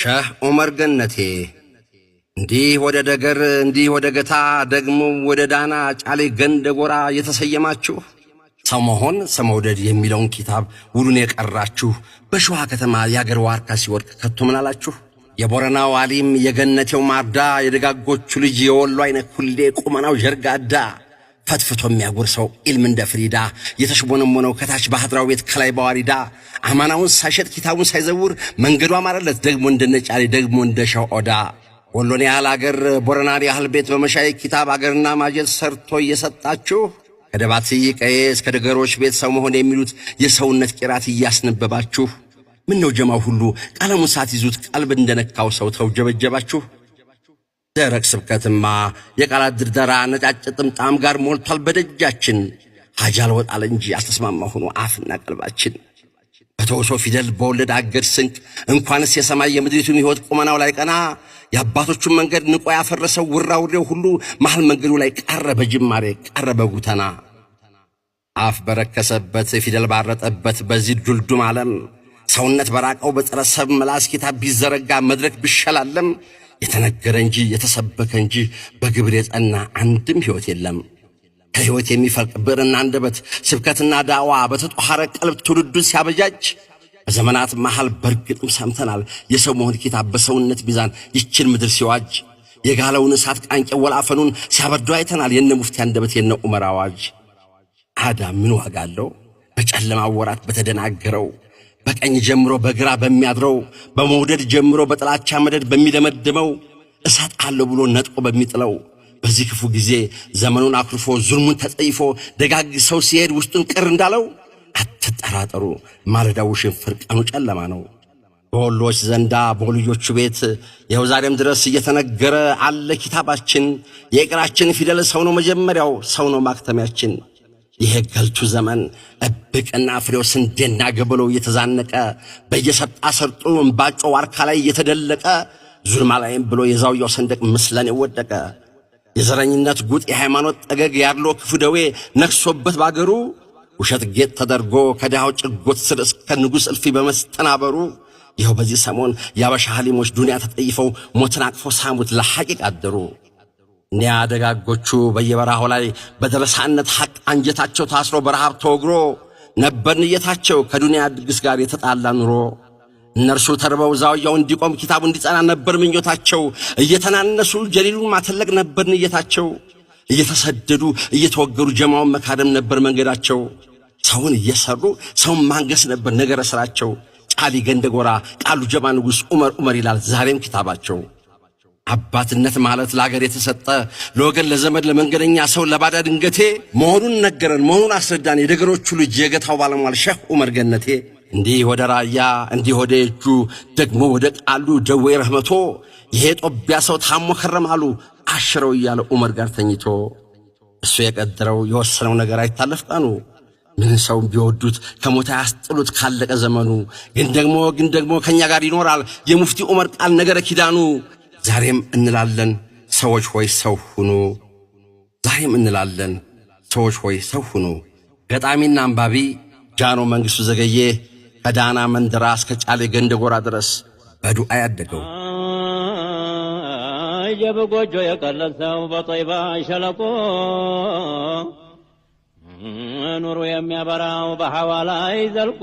ሸህ ዑመር ገነቴ እንዲህ ወደ ደገር እንዲህ ወደ ገታ ደግሞ ወደ ዳና ጫሌ ገንደ ጎራ የተሰየማችሁ ሰው መሆን ሰመውደድ የሚለውን ኪታብ ውሉን የቀራችሁ በሸዋ ከተማ የአገር ዋርካ ሲወድቅ ከቶ ምን አላችሁ? የቦረናው አሊም የገነቴው ማርዳ የደጋጎቹ ልጅ የወሎ አይነት ሁሌ ቁመናው ጀርጋዳ ፈትፍቶ የሚያጎርሰው ኢልም እንደ ፍሪዳ የተሽቦነሞነው ከታች በሀድራው ቤት ከላይ በዋሪዳ አማናውን ሳይሸጥ ኪታቡን ሳይዘውር መንገዱ አማረለት ደግሞ እንደነጫሪ ደግሞ እንደ ሸኦዳ ኦዳ ወሎን ያህል አገር ቦረናን ያህል ቤት በመሻይ ኪታብ አገርና ማጀት ሰርቶ እየሰጣችሁ ከደባት ቀዬ እስከ ደገሮች ቤት ሰው መሆን የሚሉት የሰውነት ቂራት እያስነበባችሁ ምን ነው ጀማው ሁሉ ቀለሙን ይዙት ቀልብ እንደነካው ሰው ተውጀበጀባችሁ። ደረቅ ስብከትማ የቃላት ድርደራ ነጫጭ ጥምጣም ጋር ሞልቷል በደጃችን። ሀጅ አልወጣል እንጂ አልተስማማ ሆኖ አፍና ቀልባችን በተወሶ ፊደል በወለድ አገድ ስንቅ እንኳንስ የሰማይ የምድሪቱን ሕይወት ቁመናው ላይ ቀና የአባቶቹን መንገድ ንቆ ያፈረሰው ውራውሬው ሁሉ መሃል መንገዱ ላይ ቀረ በጅማሬ ቀረ በጉተና አፍ በረከሰበት ፊደል ባረጠበት በዚህ ዱልዱም ዓለም ሰውነት በራቀው በጸረ ሰብ መላስ ኪታብ ቢዘረጋ መድረክ ቢሸላለም የተነገረ እንጂ የተሰበከ እንጂ በግብር የጸና አንድም ሕይወት የለም። ከሕይወት የሚፈልቅ ብዕርና አንደበት ስብከትና ዳዋ በተጧሐረ ቀልብ ትውልዱን ሲያበጃጅ በዘመናት መሃል በእርግጥም ሰምተናል። የሰው መሆን ኪታብ በሰውነት ሚዛን ይችን ምድር ሲዋጅ የጋለውን እሳት ቃንቄ ወላፈኑን ሲያበርዱ አይተናል። የነ ሙፍቲ አንደበት የነ ዑመር አዋጅ አዳ ምን ዋጋ አለው? በጨለማ ወራት በተደናገረው በቀኝ ጀምሮ በግራ በሚያድረው በመውደድ ጀምሮ በጥላቻ መደድ በሚደመድመው እሳት ብሎ ነጥቆ በሚጥለው በዚህ ክፉ ጊዜ ዘመኑን አኩርፎ ዙልሙን ተጸይፎ ደጋግ ሰው ሲሄድ ውስጡን ቅር እንዳለው አትጠራጠሩ፣ ማለዳው ሽንፍር ቀኑ ጨለማ ነው። በወሎች ዘንዳ በልጆቹ ቤት ይኸው ዛሬም ድረስ እየተነገረ አለ ኪታባችን። የእቅራችን ፊደል ሰው ነው መጀመሪያው፣ ሰው ነው ማክተሚያችን። ገልቱ ዘመን እብቅና ፍሬው ስንዴና ገበሎ እየተዛነቀ በየሰጣ ሰርጡ እምባጮ ዋርካ ላይ እየተደለቀ ዙልማ ላይም ብሎ የዛውያው ሰንደቅ ምስለን የወደቀ የዘረኝነት ጉጥ የሃይማኖት ጠገግ ያለው ክፉ ደዌ ነክሶበት ባገሩ ውሸት ጌጥ ተደርጎ ከድሃው ጭጎት ስር እስከ ንጉሥ እልፊ በመስተናበሩ ይኸው በዚህ ሰሞን የአበሻ ሀሊሞች ዱንያ ተጠይፈው ሞትን አቅፈው ሳሙት ለሐቂቅ አደሩ። እኒያ ደጋጎቹ በየበረሃው ላይ በደረሳነት ሐቅ አንጀታቸው ታስሮ በረሃብ ተወግሮ ነበር ንየታቸው ከዱንያ ድግስ ጋር የተጣላ ኑሮ። እነርሱ ተርበው ዛውያው እንዲቆም ኪታቡ እንዲጸና ነበር ምኞታቸው። እየተናነሱ ጀሊሉን ማተለቅ ነበር ንየታቸው። እየተሰደዱ እየተወገሩ ጀማውን መካደም ነበር መንገዳቸው። ሰውን እየሰሩ ሰውን ማንገስ ነበር ነገረ ስራቸው። ጫሊ ገንደጎራ፣ ቃሉ ጀማ፣ ንጉሥ ዑመር ዑመር ይላል ዛሬም ኪታባቸው። አባትነት ማለት ለሀገር የተሰጠ ለወገን፣ ለዘመድ፣ ለመንገደኛ ሰው ለባዳ ድንገቴ መሆኑን ነገረን መሆኑን አስረዳን። የደገሮቹ ልጅ የገታው ባለሟል ሸህ ዑመር ገነቴ እንዲህ ወደ ራያ እንዲህ ወደ እጁ ደግሞ ወደ ቃሉ ደዌ ረህመቶ ይሄ ጦቢያ ሰው ታሞ ከረማሉ አሽረው እያለ ዑመር ጋር ተኝቶ እሱ የቀድረው የወሰነው ነገር አይታለፍ ቀኑ ምን ሰው ቢወዱት ከሞት ያስጥሉት ካለቀ ዘመኑ ግን ደግሞ ግን ደግሞ ከእኛ ጋር ይኖራል የሙፍቲ ዑመር ቃል ነገረ ኪዳኑ ዛሬም እንላለን ሰዎች ሆይ ሰው ሁኑ። ዛሬም እንላለን ሰዎች ሆይ ሰው ሁኑ። ገጣሚና አንባቢ ጃኖ መንግሥቱ ዘገየ ከዳና መንደራ እስከ ጫሌ ገንደጎራ ድረስ በዱዓ ያደገው የበጎጆ የቀለሰው በጠይባ በጦይባ ሸለቆ ኑሮ የሚያበራው በሐዋ ላይ ዘልቆ